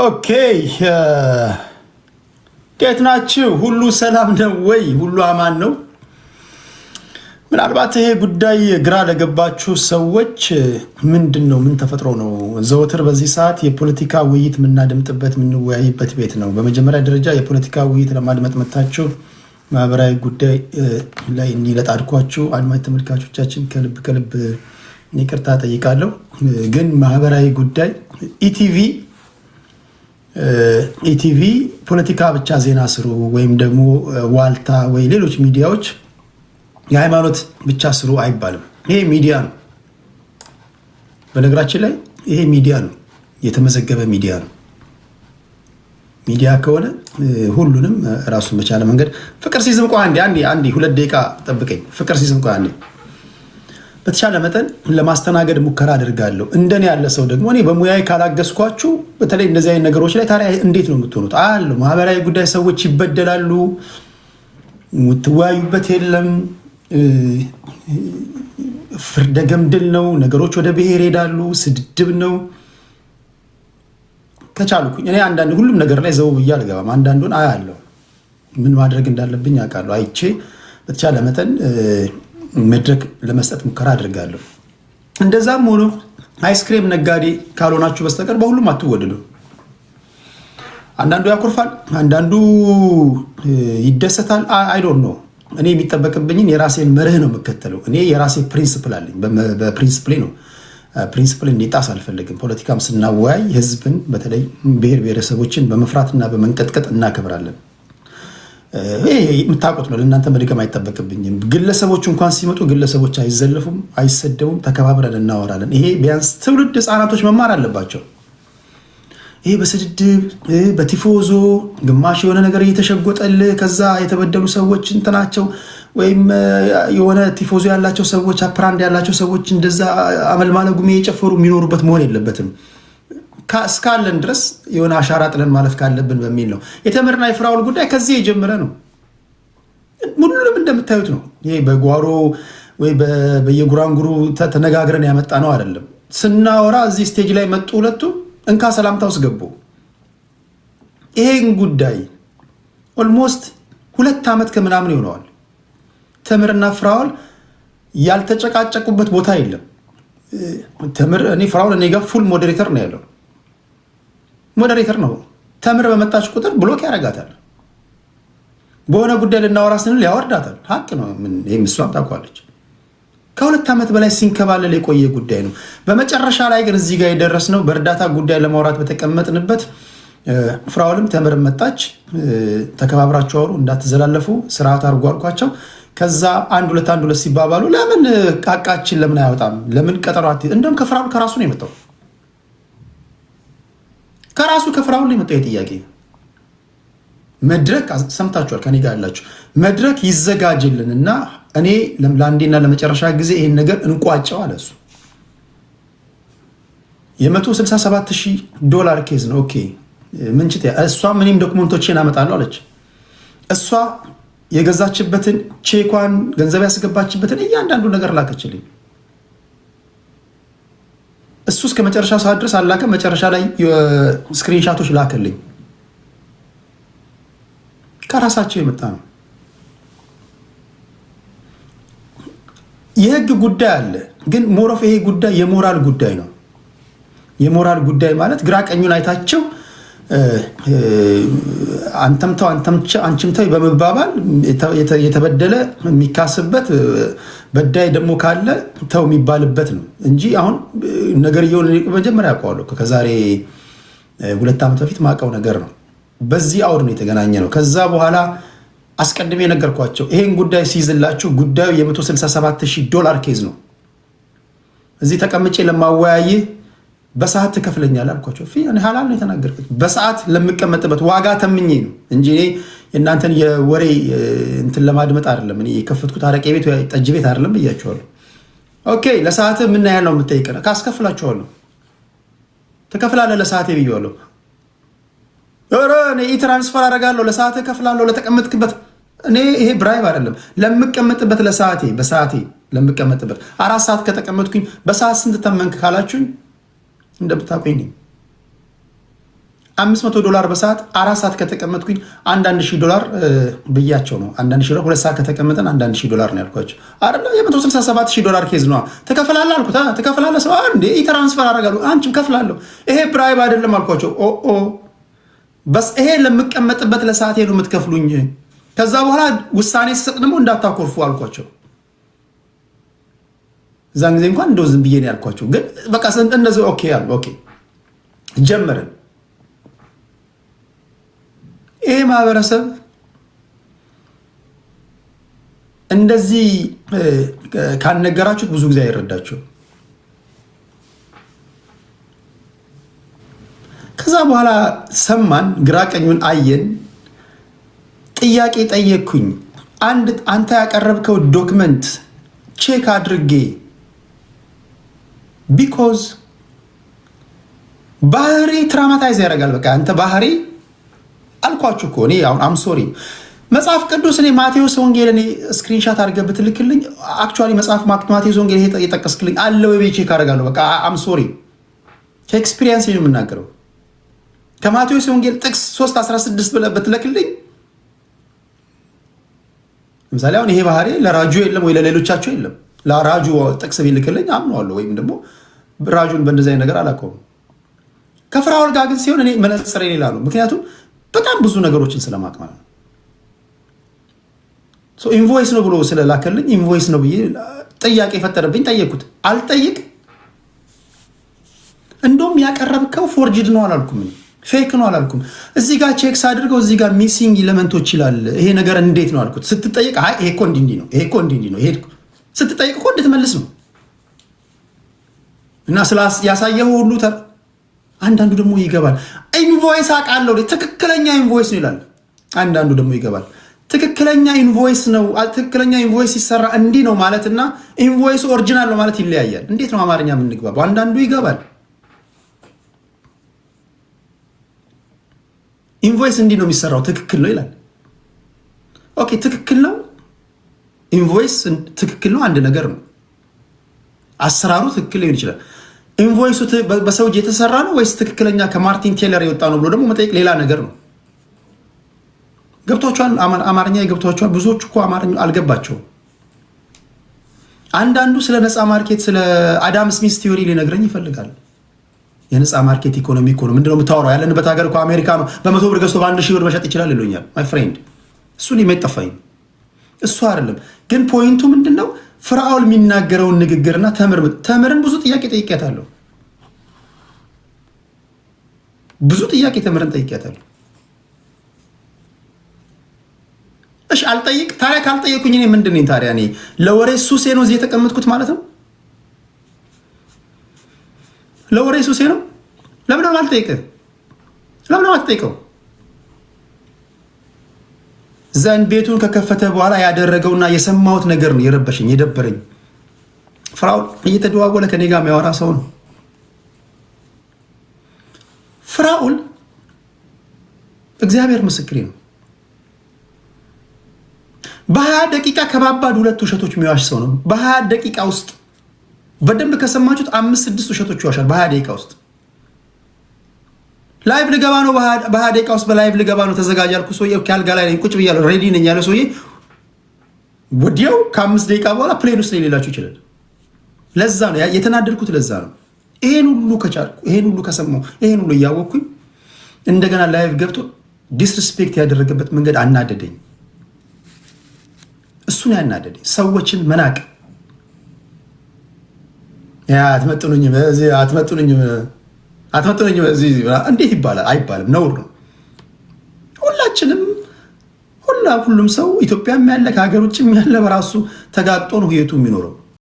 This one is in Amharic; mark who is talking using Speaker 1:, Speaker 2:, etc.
Speaker 1: ኦኬ እንዴት ናችሁ? ሁሉ ሰላም ነው ወይ? ሁሉ አማን ነው? ምናልባት ይሄ ጉዳይ ግራ ለገባችሁ ሰዎች ምንድን ነው? ምን ተፈጥሮ ነው? ዘወትር በዚህ ሰዓት የፖለቲካ ውይይት የምናደምጥበት የምንወያይበት ቤት ነው። በመጀመሪያ ደረጃ የፖለቲካ ውይይት ለማድመጥ መታችሁ ማህበራዊ ጉዳይ ላይ ለጣድኳችሁ አድማጭ ተመልካቾቻችን ከልብ ከልብ ይቅርታ ጠይቃለሁ። ግን ማህበራዊ ጉዳይ ኢቲቪ ኢቲቪ ፖለቲካ ብቻ ዜና ስሩ ወይም ደግሞ ዋልታ ወይ ሌሎች ሚዲያዎች የሃይማኖት ብቻ ስሩ አይባልም። ይሄ ሚዲያ ነው። በነገራችን ላይ ይሄ ሚዲያ ነው፣ የተመዘገበ ሚዲያ ነው። ሚዲያ ከሆነ ሁሉንም ራሱን በቻለ መንገድ ፍቅር ሲዝም ቆይ አንዴ አንዴ አንዴ ሁለት ደቂቃ ጠብቀኝ። ፍቅር ሲዝም ቆይ አንዴ በተሻለ መጠን ለማስተናገድ ሙከራ አድርጋለሁ። እንደኔ ያለ ሰው ደግሞ እኔ በሙያዬ ካላገዝኳችሁ፣ በተለይ እንደዚህ አይነት ነገሮች ላይ ታዲያ እንዴት ነው የምትሆኑት? አሉ ማህበራዊ ጉዳይ ሰዎች ይበደላሉ፣ የምትወያዩበት የለም፣ ፍርደ ገምድል ነው፣ ነገሮች ወደ ብሔር ይሄዳሉ፣ ስድድብ ነው። ከቻልኩኝ እኔ አንዳንድ ሁሉም ነገር ላይ ዘው ብዬ አልገባም። አንዳንዱን አያለሁ፣ ምን ማድረግ እንዳለብኝ አውቃለሁ። አይቼ በተቻለ መጠን መድረክ ለመስጠት ሙከራ አድርጋለሁ። እንደዛም ሆኖ አይስክሬም ነጋዴ ካልሆናችሁ በስተቀር በሁሉም አትወደዱ። አንዳንዱ ያኩርፋል አንዳንዱ ይደሰታል። አይዶን ነው። እኔ የሚጠበቅብኝን የራሴን መርህ ነው የምከተለው። እኔ የራሴ ፕሪንስፕል አለኝ። በፕሪንስፕሌ ነው ፕሪንስፕል እንዲጣስ አልፈልግም። ፖለቲካም ስናወያይ ህዝብን በተለይ ብሔር ብሔረሰቦችን በመፍራትና በመንቀጥቀጥ እናከብራለን። የምታውቁት ነው። ለእናንተ መድገም አይጠበቅብኝም። ግለሰቦች እንኳን ሲመጡ ግለሰቦች አይዘለፉም፣ አይሰደቡም። ተከባብረን እናወራለን። ይሄ ቢያንስ ትውልድ ህፃናቶች መማር አለባቸው። ይሄ በስድድብ በቲፎዞ ግማሽ የሆነ ነገር እየተሸጎጠልህ ከዛ የተበደሉ ሰዎች እንትናቸው ወይም የሆነ ቲፎዞ ያላቸው ሰዎች አፕራንድ ያላቸው ሰዎች እንደዛ አመልማለ የጨፈሩ የሚኖሩበት መሆን የለበትም። እስካለን ድረስ የሆነ አሻራ ጥለን ማለፍ ካለብን በሚል ነው። የተምርና የፍራውል ጉዳይ ከዚህ የጀመረ ነው። ሁሉንም እንደምታዩት ነው። ይሄ በጓሮ ወይ በየጉራንጉሩ ተነጋግረን ያመጣ ነው አይደለም። ስናወራ እዚህ ስቴጅ ላይ መጡ ሁለቱ እንካ ሰላምታ ውስጥ ገቡ። ይሄን ጉዳይ ኦልሞስት ሁለት ዓመት ከምናምን ይሆነዋል። ተምርና ፍራውል ያልተጨቃጨቁበት ቦታ የለም። ተምር እኔ እኔ ጋር ፉል ሞዴሬተር ነው ያለው ሞዴሬተር ነው። ተምር በመጣች ቁጥር ብሎክ ያደርጋታል። በሆነ ጉዳይ ልናወራ ስንል ያወርዳታል። ሀቅ ነው። ይህም እሷም ታውቋለች። ከሁለት ዓመት በላይ ሲንከባለል የቆየ ጉዳይ ነው። በመጨረሻ ላይ ግን እዚህ ጋር የደረስነው በእርዳታ ጉዳይ ለማውራት በተቀመጥንበት ፍራውልም ተምር መጣች። ተከባብራችሁ አውሩ፣ እንዳትዘላለፉ ስርዓት አድርጎ አልኳቸው። ከዛ አንድ ሁለት አንድ ሁለት ሲባባሉ ለምን ቃቃችን ለምን አያወጣም? ለምን ቀጠሮ እንደውም ከፍራውል ከራሱ ነው የመጣው ከራሱ ከፍራውን ላይ መጣ ጥያቄ መድረክ ሰምታችኋል። ከኔ ጋር ያላችሁ መድረክ እና እኔ ለአንዴና ለመጨረሻ ጊዜ ይህን ነገር እንቋጨው አለ እሱ። የ167 ዶላር ኬዝ ነው። ኦኬ ምንችት እሷ ምንም ዶክመንቶችን አመጣለሁ አለች። እሷ የገዛችበትን ቼኳን ገንዘብ ያስገባችበትን እያንዳንዱ ነገር ላከችልኝ። እሱ እስከ መጨረሻ ሰዓት ድረስ አላከ። መጨረሻ ላይ ስክሪንሻቶች ላከልኝ። ከራሳቸው የመጣ ነው። የህግ ጉዳይ አለ፣ ግን ሞሮፍ ይሄ ጉዳይ የሞራል ጉዳይ ነው። የሞራል ጉዳይ ማለት ግራ ቀኙን አይታቸው አንተም ተው አንቺም ተው በመባባል የተበደለ የሚካስበት በዳይ ደግሞ ካለ ተው የሚባልበት ነው እንጂ አሁን ነገርየውን መጀመሪያ አውቀዋለሁ። ከዛሬ ሁለት ዓመት በፊት ማቀው ነገር ነው። በዚህ አውድ ነው የተገናኘ ነው። ከዛ በኋላ አስቀድሜ የነገርኳቸው ይሄን ጉዳይ ሲይዝላችሁ ጉዳዩ የ167 ዶላር ኬዝ ነው። እዚህ ተቀምጬ ለማወያይህ በሰዓት ትከፍለኛል አልኳቸው። እኔ ሀላል ነው የተናገርኩት። በሰዓት ለምቀመጥበት ዋጋ ተምኜ ነው እንጂ እኔ የእናንተን የወሬ እንትን ለማድመጥ አይደለም። እኔ የከፈትኩት አረቄ ቤት ጠጅ ቤት አይደለም ብያቸዋለሁ። ኦኬ ለሰዓት ምን ያህል ነው የምጠይቀን? ካስከፍላቸዋለሁ። ትከፍላለህ ለሰዓቴ ብያዋለሁ። ኧረ እኔ ትራንስፈር አደርጋለሁ፣ ለሰዓት እከፍላለሁ። ለተቀመጥክበት እኔ ይሄ ብራይብ አይደለም። ለምቀመጥበት ለሰዓቴ በሰዓቴ ለምቀመጥበት አራት ሰዓት ከተቀመጥኩኝ በሰዓት ስንት ተመንክ ካላችሁኝ እንደምታቆኝ ነኝ። አምስት መቶ ዶላር በሰዓት አራት ሰዓት ከተቀመጥኩኝ አንዳንድ ሺህ ዶላር ብያቸው ነው። አንዳንድ ሺህ ዶላር ሁለት ሰዓት ከተቀመጠን አንዳንድ ሺህ ዶላር ነው ያልኳቸው። አረ የመቶ ስልሳ ሰባት ሺህ ዶላር ኬዝ ነዋ። ትከፍላለህ አልኩት። ትከፍላለህ ሰው እንዴ ትራንስፈር አደርጋለሁ። አንቺም ከፍላለሁ። ይሄ ብራይብ አይደለም አልኳቸው። ኦ ኦ በስ ይሄ ለምቀመጥበት ለሰዓት ሄዱ የምትከፍሉኝ። ከዛ በኋላ ውሳኔ ስሰጥ ደግሞ እንዳታኮርፉ አልኳቸው። እዛን ጊዜ እንኳን እንደው ዝም ብዬ ያልኳቸው። ግን በቃ እነዚህ ኦኬ ኦኬ ጀመርን። ይሄ ማህበረሰብ እንደዚህ ካልነገራችሁት ብዙ ጊዜ አይረዳቸው። ከዛ በኋላ ሰማን፣ ግራቀኙን አየን። ጥያቄ ጠየኩኝ አንድ አንተ ያቀረብከው ዶክመንት ቼክ አድርጌ ቢኮዝ ባህሪ ትራማታይዝ ያደርጋል። በቃ አንተ ባህሪ አልኳችሁ እኮ እኔ አሁን አም ሶሪ መጽሐፍ ቅዱስ እኔ ማቴዎስ ወንጌል እኔ ስክሪንሻት አድርገህ ብትልክልኝ አክቹዋሊ መጽሐፍ ማቴዎስ ወንጌል የጠቀስክልኝ አለ ወይ ቤቼ በቃ አም ሶሪ ከኤክስፒሪየንስ ነው የምናገረው። ከማቴዎስ ወንጌል ጥቅስ 316 ብለህ ብትለክልኝ ለምሳሌ አሁን ይሄ ባህሪ ለራጁ የለም ወይ ለሌሎቻቸው የለም። ለራጁ ጥቅስ ቢልክልኝ አምነዋለሁ ወይም ደግሞ ብራጁን በእንደዚህ ነገር አላውቀውም። ከፍራኦል ጋር ግን ሲሆን እኔ መነጽር ሌላ ነው። ምክንያቱም በጣም ብዙ ነገሮችን ስለማቅመል ነው። ኢንቮይስ ነው ብሎ ስለላከልኝ ኢንቮይስ ነው ብዬ ጥያቄ የፈጠረብኝ ጠየቅኩት። አልጠይቅ እንደውም ያቀረብከው ፎርጅድ ነው አላልኩም፣ ፌክ ነው አላልኩም። እዚህ ጋር ቼክስ አድርገው እዚህ ጋር ሚሲንግ ኢለመንቶች ይላል ይሄ ነገር እንዴት ነው አልኩት። ስትጠይቅ ይሄ እኮ እንዲህ እንዲህ ነው ይሄ እኮ እንዲህ እንዲህ ነው ስትጠይቅ እኮ እንድትመልስ ነው እና ያሳየው ሁሉ አንዳንዱ ደግሞ ይገባል። ኢንቮይስ አውቃለሁ ትክክለኛ ኢንቮይስ ነው ይላል። አንዳንዱ ደግሞ ይገባል ትክክለኛ ኢንቮይስ ነው ትክክለኛ ኢንቮይስ ሲሰራ እንዲህ ነው ማለት እና ኢንቮይስ ኦሪጂናል ነው ማለት ይለያያል። እንዴት ነው አማርኛ ምንግባ አንዳንዱ ይገባል ኢንቮይስ እንዲህ ነው የሚሰራው ትክክል ነው ይላል። ኦኬ ትክክል ነው ኢንቮይስ ትክክል ነው አንድ ነገር ነው። አሰራሩ ትክክል ሊሆን ይችላል። ኢንቮይሱ በሰው እጅ የተሰራ ነው ወይስ ትክክለኛ ከማርቲን ቴለር የወጣ ነው ብሎ ደግሞ መጠየቅ ሌላ ነገር ነው። ገብቷቸዋል። አማርኛ የገብቷቸዋል። ብዙዎች እኮ አማርኛ አልገባቸውም። አንዳንዱ ስለ ነፃ ማርኬት ስለ አዳም ስሚስ ቲዮሪ ሊነግረኝ ይፈልጋል። የነፃ ማርኬት ኢኮኖሚ እኮ ነው። ምንድነው የምታወራው? ያለንበት ሀገር እኮ አሜሪካ ነው። በመቶ ብር ገዝቶ በአንድ ሺህ ብር መሸጥ ይችላል ይሉኛል። ማይ ፍሬንድ እሱ ሊመጠፋኝ እሱ አይደለም ግን ፖይንቱ ምንድን ነው? ፍርአውን የሚናገረውን ንግግርና ተምር ተምርን ብዙ ጥያቄ ጠይቄያታለሁ። ብዙ ጥያቄ ተምርን ጠይቄያታለሁ። እሺ አልጠይቅ ታዲያ ካልጠየቁኝ እኔ ምንድን ነኝ ታዲያ? እኔ ለወሬ ሱሴ ነው እዚህ የተቀመጥኩት ማለት ነው። ለወሬ ሱሴ ነው። ለምን አልጠይቅ? ለምን አትጠይቀው? ዘንድ ቤቱን ከከፈተ በኋላ ያደረገውና የሰማሁት ነገር ነው የረበሸኝ የደበረኝ። ፍራውን እየተደዋወለ ከኔ ጋር የሚያወራ ሰው ነው። ፍራውን እግዚአብሔር ምስክሬ ነው። በሀያ ደቂቃ ከባባድ ሁለት ውሸቶች የሚዋሽ ሰው ነው። በሀያ ደቂቃ ውስጥ በደንብ ከሰማችሁት አምስት ስድስት ውሸቶች ይዋሻል በሀያ ደቂቃ ውስጥ ላይቭ ልገባ ነው። በሀያ ውስጥ በላይቭ ልገባ ነው ተዘጋጅ ያልኩ ሰውዬ ከአልጋ ላይ ቁጭ ብያለሁ፣ ሬዲ ነኝ ያለ ሰውዬ ወዲያው ከአምስት ደቂቃ በኋላ ፕሌን ውስጥ ሌላችሁ ይችላል። ለዛ ነው የተናደድኩት። ለዛ ነው ይሄን ሁሉ ከቻልኩ ይሄን ሁሉ ከሰማሁ ይሄን ሁሉ እያወቅኩኝ እንደገና ላይቭ ገብቶ ዲስሪስፔክት ያደረገበት መንገድ አናደደኝ። እሱን ያናደደኝ ሰዎችን መናቅ አትመጥኑኝም፣ አትመጥኑኝም አትመጥነኝ እንዴት ይባላል? አይባልም፣ ነውር ነው። ሁላችንም ሁላ ሁሉም ሰው ኢትዮጵያም ያለ ከሀገር ውጭም ያለ በራሱ ተጋግጦ ነው ህይወቱ የሚኖረው።